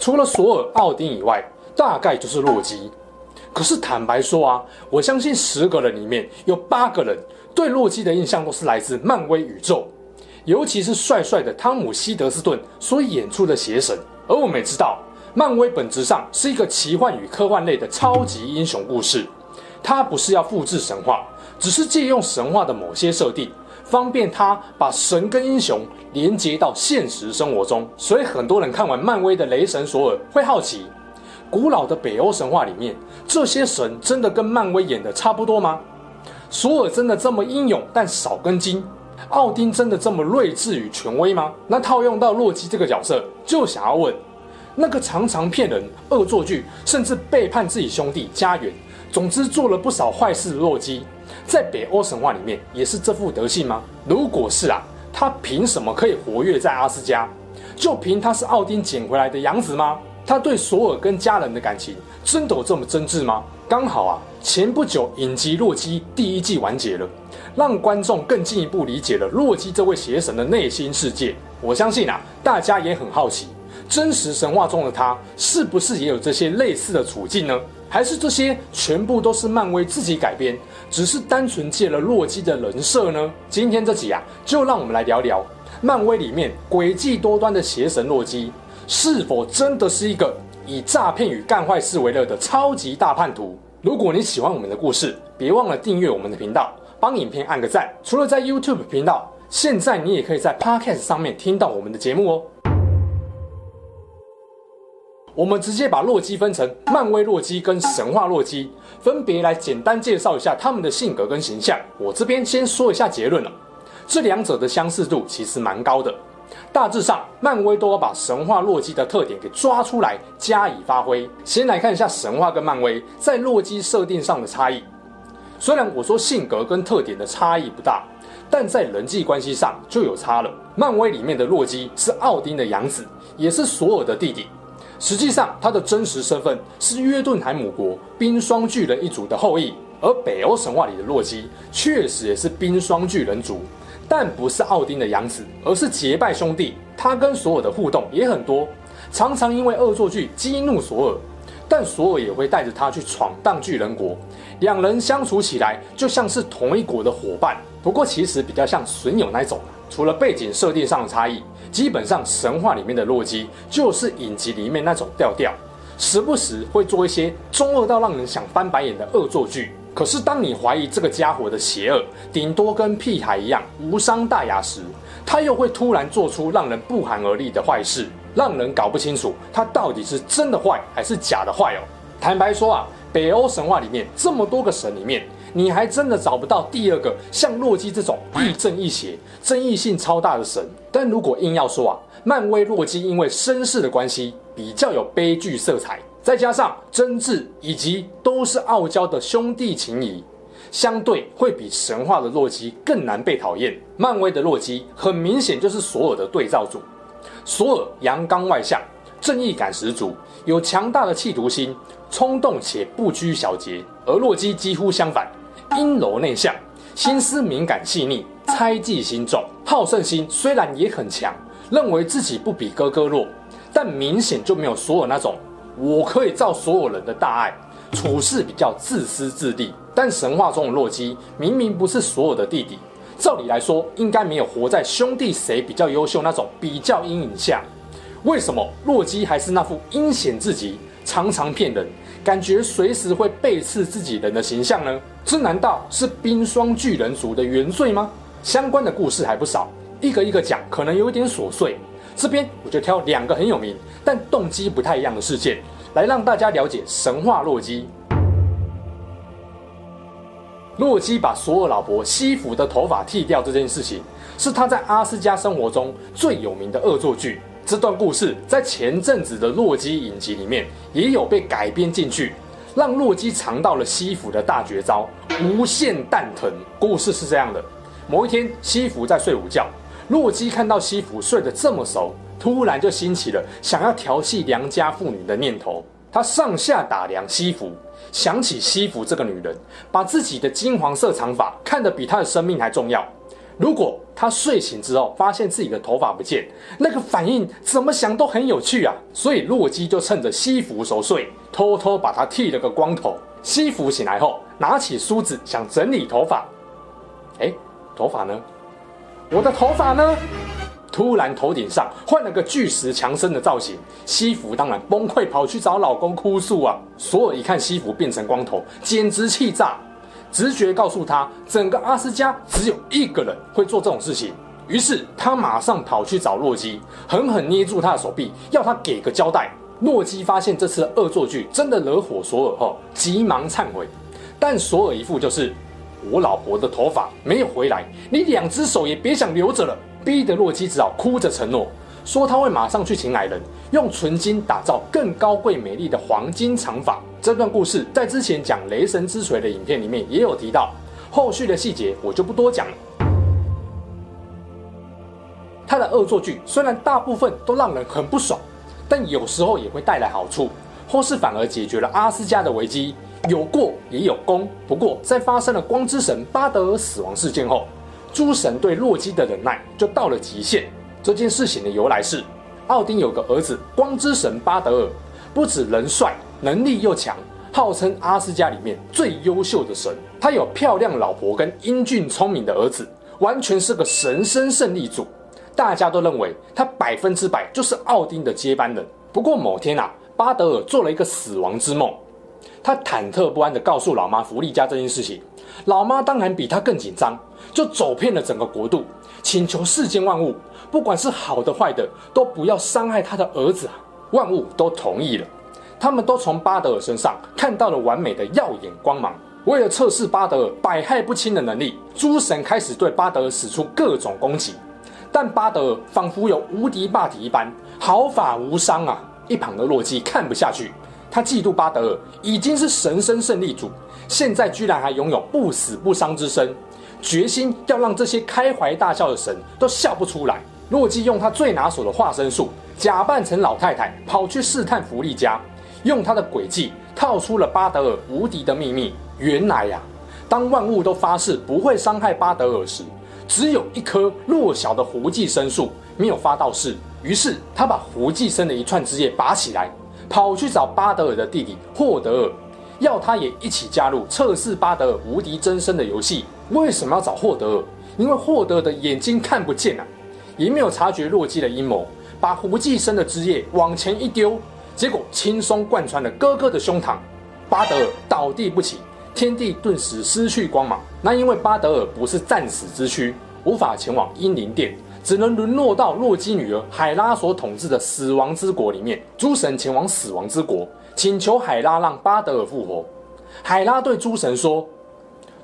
除了索爾、奧丁以外，大概就是洛基。可是坦白說啊，我相信十個人裡面有八個人對洛基的印象都是來自漫威宇宙，尤其是帥帥的湯姆希德斯頓所演出的邪神。而我們也知道，漫威本質上是一個奇幻與科幻類的超級英雄故事，它不是要複製神話，只是借用神話的某些設定。方便他把神跟英雄連接到現實生活中，所以很多人看完漫威的雷神索爾會好奇：古老的北歐神話裡面這些神真的跟漫威演的差不多嗎？索爾真的這麼英勇但少根筋？奧丁真的這麼睿智與權威嗎？那套用到洛基這個角色，就想要問：那個常常騙人、惡作劇，甚至背叛自己兄弟家園？總之，做了不少壞事的洛基，在北歐神話裡面也是這副德性嗎？如果是啊，他憑什麼可以活躍在阿斯嘉？就憑他是奧丁撿回來的養子嗎？他對索爾跟家人的感情，真的有這麼真摯嗎？剛好啊，前不久影集《洛基》第一季完結了，讓觀眾更進一步理解了洛基這位邪神的內心世界。我相信啊，大家也很好奇。真實神話中的他是不是也有這些類似的處境呢？還是這些全部都是漫威自己改編，只是單純借了洛基的人設呢？今天這集啊，就讓我們來聊聊漫威裡面詭計多端的邪神洛基，是否真的是一個以詐騙與幹壞事為樂的超級大叛徒？如果你喜歡我們的故事，別忘了訂閱我們的頻道，幫影片按個讚。除了在 YouTube 頻道，現在你也可以在 Podcast 上面聽到我們的節目哦。我們直接把洛基分成漫威洛基跟神話洛基，分別來簡單介紹一下他們的性格跟形象。我這邊先說一下結論了，這兩者的相似度其實蠻高的。大致上，漫威都要把神話洛基的特點給抓出來加以發揮。先來看一下神話跟漫威在洛基設定上的差異。雖然我說性格跟特點的差異不大，但在人際關係上就有差了。漫威裡面的洛基是奧丁的養子，也是索爾的弟弟。實際上，他的真實身份是約頓海姆國冰霜巨人一族的後裔，而北歐神話裡的洛基確實也是冰霜巨人族，但不是奧丁的養子，而是結拜兄弟。他跟索爾的互動也很多，常常因為惡作劇激怒索爾，但索爾也會帶着他去闖蕩巨人國，兩人相處起來就像是同一國的夥伴。不過，其實比較像損友那種，除了背景設定上的差異。基本上，神話裡面的洛基就是影集裡面那種調調，時不時會做一些中二到讓人想翻白眼的惡作劇。可是，當你懷疑這個家夥的邪惡，頂多跟屁孩一樣無傷大雅時，他又會突然做出讓人不寒而慄的壞事，讓人搞不清楚他到底是真的壞還是假的壞哦。坦白說啊，北歐神話裡面這麼多個神裡面。你還真的找不到第二個像洛基這種亦正亦邪、爭議性超大的神。但如果硬要說啊，漫威洛基因為身世的關係比較有悲劇色彩，再加上真摯以及都是傲嬌的兄弟情誼，相對會比神話的洛基更難被討厭。漫威的洛基很明顯就是索爾的對照組。索爾陽剛外向，正義感十足，有強大的企圖心，衝動且不拘小節，而洛基幾乎相反。陰柔內向，心思敏感細膩，猜忌心重，好勝心雖然也很強，認為自己不比哥哥弱，但明顯就沒有索爾那種我可以照所有人的大愛，處事比較自私自利。但神話中的洛基明明不是索爾的弟弟，照理來說應該沒有活在兄弟誰比較優秀那種比較陰影下，為什麼洛基還是那副陰險至極，常常騙人？感覺隨時會背刺自己人的形象呢？這難道是冰霜巨人族的原罪嗎？相關的故事還不少，一個一個講可能有點瑣碎。這邊我就挑兩個很有名但動機不太一樣的事件，來讓大家了解神話洛基。洛基把索爾老婆西弗的頭髮剃掉這件事情，是他在阿斯嘉生活中最有名的惡作劇。這段故事在前陣子的《洛基》影集裡面也有被改編進去，讓洛基嘗到了希芙的大絕招——無限蛋疼。故事是這樣的：某一天，希芙在睡午覺，洛基看到希芙睡得這麼熟，突然就興起了想要調戲良家婦女的念頭。他上下打量希芙，想起希芙這個女人，把自己的金黃色長髮看得比她的生命還重要。如果他睡醒之後發現自己的頭髮不見，那個反應怎麼想都很有趣啊！所以洛基就趁着西服熟睡，偷偷把他剃了個光頭。西服醒來後拿起梳子想整理頭髮，哎、欸，頭髮呢？我的頭髮呢？突然頭頂上換了個巨石強森的造型，西服當然崩潰跑去找老公哭訴啊！索爾一看西服變成光頭，簡直氣炸！直覺告訴他，整個阿斯加只有一個人會做這種事情，於是他馬上跑去找洛基，狠狠捏住他的手臂，要他給個交代。洛基發現這次的惡作劇真的惹火索爾後，急忙懺悔，但索爾一副就是我老婆的頭髮沒有回來，你兩只手也別想留着了，逼得洛基只好哭着承諾，說他會馬上去請矮人，用純金打造更高貴美麗的黃金長髮。這段故事在之前講《雷神之錘》的影片裡面也有提到，後續的細節我就不多講了。他的惡作劇雖然大部分都讓人很不爽，但有時候也會帶來好處，或是反而解決了阿斯嘉的危機，有過也有功。不過在發生了光之神巴德爾死亡事件後，諸神對洛基的忍耐就到了極限。這件事情的由來是，奧丁有個兒子光之神巴德爾，不只人帥。能力又強，號稱阿斯嘉裡面最優秀的神。他有漂亮老婆跟英俊聰明的兒子，完全是個神生勝利組。大家都認為他百分之百就是奧丁的接班人。不過某天啊，巴德爾做了一個死亡之夢，他忐忑不安地告訴老媽弗利加這件事情。老媽當然比他更緊張，就走遍了整個國度，請求世間萬物，不管是好的壞的，都不要傷害他的兒子。萬物都同意了。他們都從巴德爾身上看到了完美的耀眼光芒。為了測試巴德爾百害不侵的能力，諸神開始對巴德爾使出各種攻擊。但巴德爾仿佛有無敵霸體一般，毫髮無傷啊！一旁的洛基看不下去，他嫉妒巴德爾已經是神生勝利組，現在居然還擁有不死不傷之身，決心要讓這些開懷大笑的神都笑不出來。洛基用他最拿手的化身術，假扮成老太太跑去試探弗利嘉用他的詭計套出了巴德爾無敵的秘密。原來呀、啊，當萬物都發誓不會傷害巴德爾時，只有一棵弱小的槲寄生樹沒有發到誓。於是他把槲寄生的一串枝葉拔起來，跑去找巴德爾的弟弟霍德爾，要他也一起加入測試巴德爾無敵真身的遊戲。為什麼要找霍德爾？因為霍德爾的眼睛看不見啊，也沒有察覺洛基的陰謀，把槲寄生的枝葉往前一丟。結果輕鬆貫穿了哥哥的胸膛，巴德爾倒地不起，天地頓時失去光芒。那因為巴德爾不是戰死之軀，無法前往英靈殿，只能淪落到洛基女兒海拉所統治的死亡之國裡面。諸神前往死亡之國，請求海拉讓巴德爾復活。海拉對諸神說：“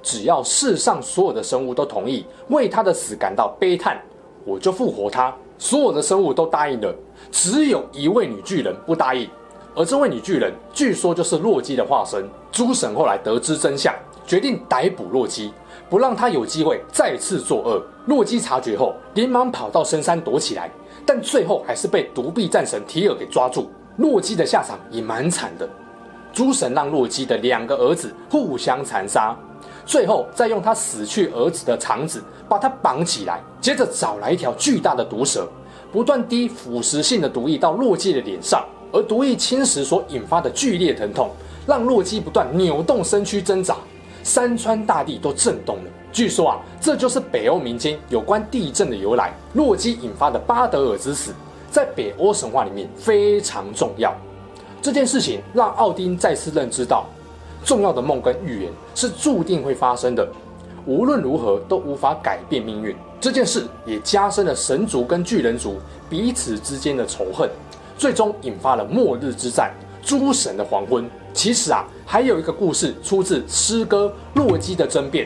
只要世上所有的生物都同意，為他的死感到悲嘆，我就復活他。”所有的生物都答應了，只有一位女巨人不答應，而這位女巨人據說就是洛基的化身。諸神後來得知真相，決定逮捕洛基，不讓他有機會再次作惡。洛基察覺後，連忙跑到深山躲起來，但最後還是被獨臂戰神提爾給抓住。洛基的下場也蠻慘的，諸神讓洛基的兩個兒子互相殘殺。最後，再用他死去兒子的腸子把他綁起來，接着找來一條巨大的毒蛇，不斷滴腐蝕性的毒液到洛基的臉上，而毒液侵蝕所引發的劇烈疼痛，讓洛基不斷扭動身軀掙扎，山川大地都震動了。據說啊，這就是北歐民間有關地震的由來。洛基引發的巴德爾之死，在北歐神話裡面非常重要。這件事情讓奧丁再次認知到。重要的夢跟預言是注定會發生的，無論如何都無法改變命運。這件事也加深了神族跟巨人族彼此之間的仇恨，最終引發了末日之戰、諸神的黃昏。其實啊，還有一個故事出自詩歌《洛基的爭辯》，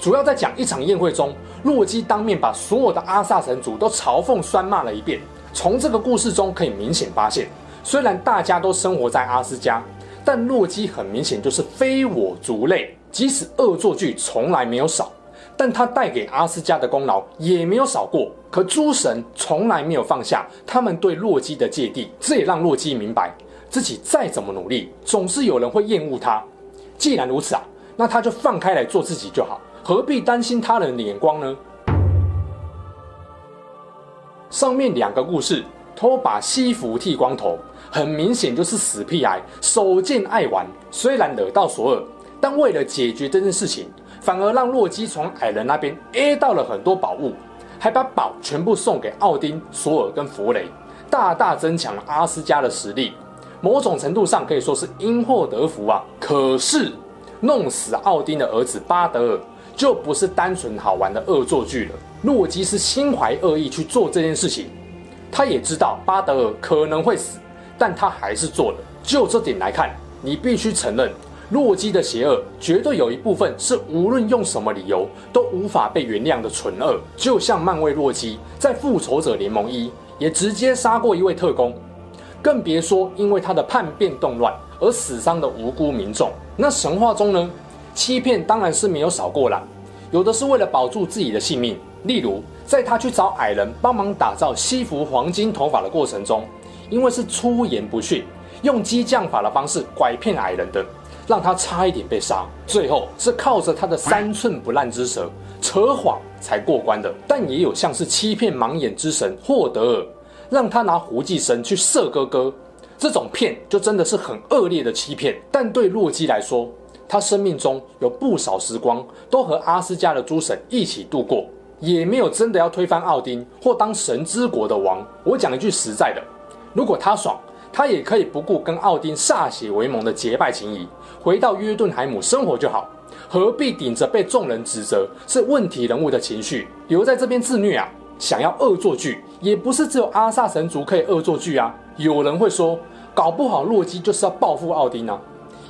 主要在講一場宴會中，洛基當面把所有的阿薩神族都嘲諷酸罵了一遍。從這個故事中可以明顯發現，雖然大家都生活在阿斯嘉。但洛基很明顯就是非我族類，即使惡作劇從來沒有少，但他帶給阿斯嘉的功勞也沒有少過。可諸神從來沒有放下他們對洛基的芥蒂，這也讓洛基明白，自己再怎麼努力，總是有人會厭惡他。既然如此啊，那他就放開來做自己就好，何必擔心他人的眼光呢？上面兩個故事。偷把西服剃光頭，很明顯就是死屁孩，手賤愛玩，雖然惹到索爾，但為了解決這件事情，反而讓洛基從矮人那邊 A 到了很多寶物，還把寶全部送給奧丁、索爾跟弗雷，大大增強了阿斯加的實力，某種程度上可以說是因禍得福啊。可是弄死奧丁的兒子巴德爾，就不是單純好玩的惡作劇了，洛基是心懷惡意去做這件事情。他也知道巴德爾可能會死，但他還是做了。就這點來看，你必須承認，洛基的邪惡絕對有一部分是無論用什麼理由都無法被原諒的純惡。就像漫威洛基在《復仇者聯盟一》也直接殺過一位特工，更別說因為他的叛變動亂而死傷的無辜民眾。那神話中呢？欺騙當然是沒有少過啦，有的是為了保住自己的性命。例如，在他去找矮人幫忙打造西芙黃金頭髮的過程中，因為是出言不遜，用激將法的方式拐騙矮人的，讓他差一點被殺。最後是靠着他的三寸不爛之舌，扯謊才過關的。但也有像是欺騙盲眼之神霍德爾，讓他拿槲寄生去射哥哥，這種騙就真的是很惡劣的欺騙。但對洛基來說，他生命中有不少時光都和阿斯嘉的諸神一起度過。也沒有真的要推翻奧丁或當神之國的王。我講一句實在的，如果他爽，他也可以不顧跟奧丁歃血為盟的結拜情誼，回到約頓海姆生活就好，何必頂着被眾人指責是問題人物的情緒，留在這邊自虐啊？想要惡作劇，也不是只有阿薩神族可以惡作劇啊。有人會說，搞不好洛基就是要報復奧丁呢啊，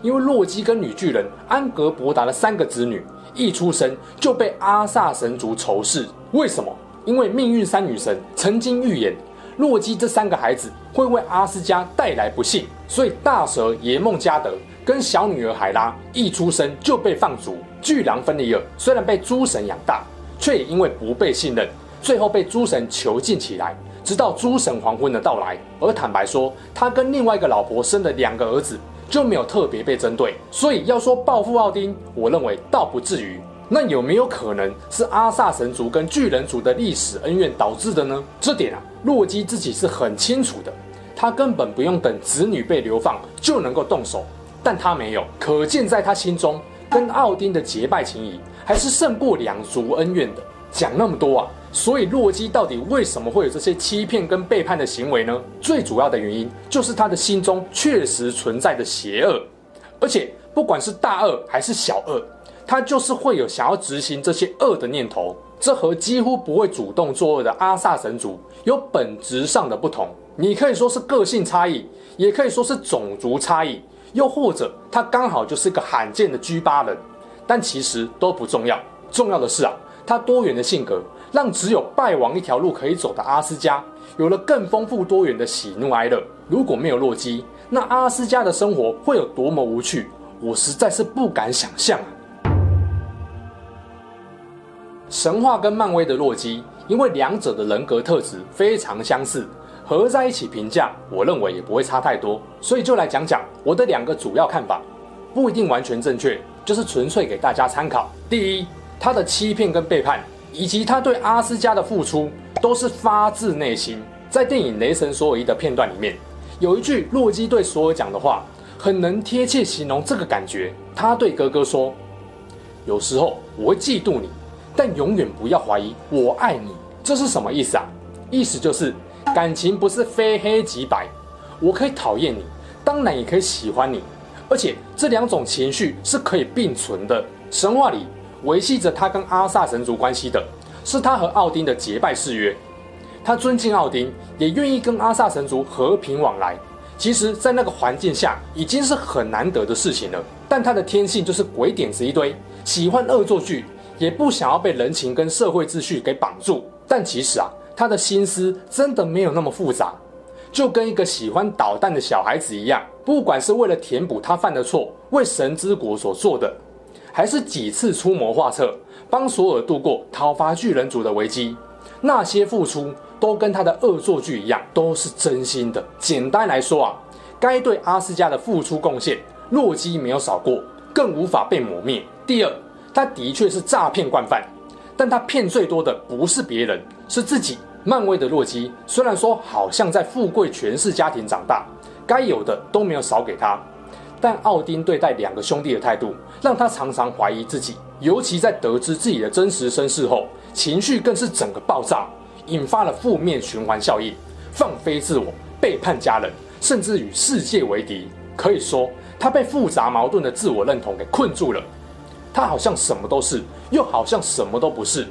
因為洛基跟女巨人安格博達的三個子女。一出生就被阿薩神族仇視，為什麼？因為命運三女神曾經預言，洛基這三個孩子會為阿斯嘉帶來不幸，所以大蛇耶夢加德跟小女兒海拉一出生就被放逐。巨狼芬尼爾雖然被諸神養大，卻也因為不被信任，最後被諸神囚禁起來，直到諸神黃昏的到來。而坦白說，他跟另外一個老婆生了兩個兒子。就沒有特別被針對，所以要說報復奧丁，我認為倒不至於。那有沒有可能是阿薩神族跟巨人族的歷史恩怨導致的呢？這點啊，洛基自己是很清楚的，他根本不用等子女被流放就能夠動手，但他沒有，可見在他心中，跟奧丁的結拜情誼還是勝過兩族恩怨的。講那麼多啊，所以洛基到底為什麼會有這些欺騙跟背叛的行為呢？最主要的原因就是他的心中確實存在著邪惡，而且不管是大惡還是小惡，他就是會有想要執行這些惡的念頭。這和幾乎不會主動作惡的阿薩神族有本質上的不同。你可以說是個性差異，也可以說是種族差異，又或者他剛好就是一個罕見的 G8 人，但其實都不重要。重要的是啊。他多元的性格，讓只有敗亡一條路可以走的阿斯嘉有了更豐富多元的喜怒哀樂。如果沒有洛基，那阿斯嘉的生活會有多麼無趣？我實在是不敢想象啊！神話跟漫威的洛基，因為兩者的人格特質非常相似，合在一起評價，我認為也不會差太多。所以就來講講我的兩個主要看法，不一定完全正確，就是純粹給大家參考。第一。他的欺騙跟背叛，以及他對阿斯嘉的付出，都是發自內心。在電影《雷神索爾一》的片段裡面，有一句洛基對索爾講的話，很能貼切形容這個感覺。他對哥哥說：“有時候我會嫉妒你，但永遠不要懷疑我愛你。”這是什麼意思啊？意思就是感情不是非黑即白，我可以討厭你，當然也可以喜歡你，而且這兩種情緒是可以並存的。神話裡。維繫着他跟阿薩神族關係的是他和奧丁的結拜誓約。他尊敬奧丁，也願意跟阿薩神族和平往來。其實，在那個環境下，已經是很難得的事情了。但他的天性就是鬼點子一堆，喜歡惡作劇，也不想要被人情跟社會秩序給綁住。但其實啊，他的心思真的沒有那麼複雜，就跟一個喜歡搗蛋的小孩子一樣。不管是為了填補他犯的錯，為神之國所做的。還是幾次出謀劃策，幫索爾度過討伐巨人族的危機，那些付出都跟他的惡作劇一樣，都是真心的。簡單來說啊，該對阿斯加的付出貢獻，洛基沒有少過，更無法被磨滅。第二，他的確是詐騙慣犯，但他騙最多的不是別人，是自己。漫威的洛基，雖然說好像在富貴權勢家庭長大，該有的都沒有少給他。但奧丁對待兩個兄弟的態度，讓他常常懷疑自己，尤其在得知自己的真實身世後，情緒更是整個爆炸，引發了負面循環效應，放飛自我，背叛家人，甚至與世界為敵。可以說，他被複雜矛盾的自我認同給困住了。他好像什麼都是，又好像什麼都不是。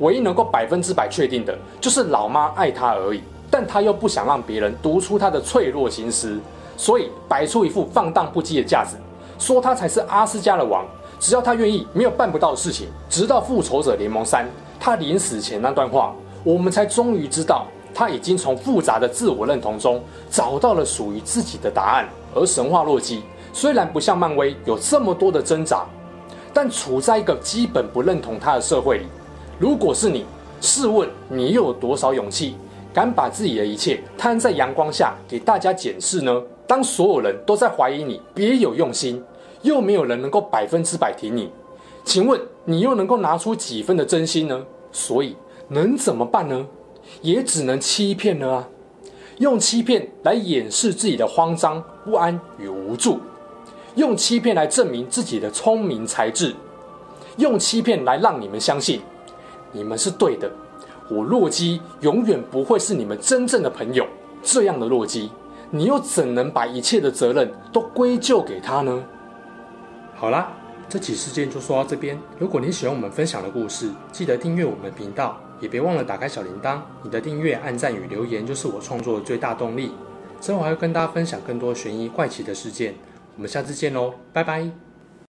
唯一能夠百分之百確定的，就是老媽愛他而已。但他又不想讓別人讀出他的脆弱心思。所以擺出一副放蕩不羈的架子，說他才是阿斯加的王，只要他願意，沒有辦不到的事情。直到復仇者聯盟三，他臨死前那段話，我們才終於知道，他已經從複雜的自我認同中找到了屬於自己的答案。而神話洛基雖然不像漫威有這麼多的掙扎，但處在一個基本不認同他的社會裡，如果是你，試問你又有多少勇氣，敢把自己的一切攤在陽光下給大家檢視呢？當所有人都在懷疑你別有用心，又沒有人能夠百分之百挺你，請問你又能夠拿出幾分的真心呢？所以能怎麼辦呢？也只能欺騙了啊！用欺騙來掩飾自己的慌張、不安與無助，用欺騙來證明自己的聰明才智，用欺騙來讓你們相信你們是對的。我洛基永遠不會是你們真正的朋友，這樣的洛基。你又怎能把一切的責任都歸咎給他呢？好啦，這起事件就說到這邊。如果你喜歡我們分享的故事，記得訂閱我們的頻道，也別忘了打開小鈴鐺。你的訂閱、按讚與留言就是我創作的最大動力。之後還會跟大家分享更多懸疑怪奇的事件，我們下次見嘍，拜拜。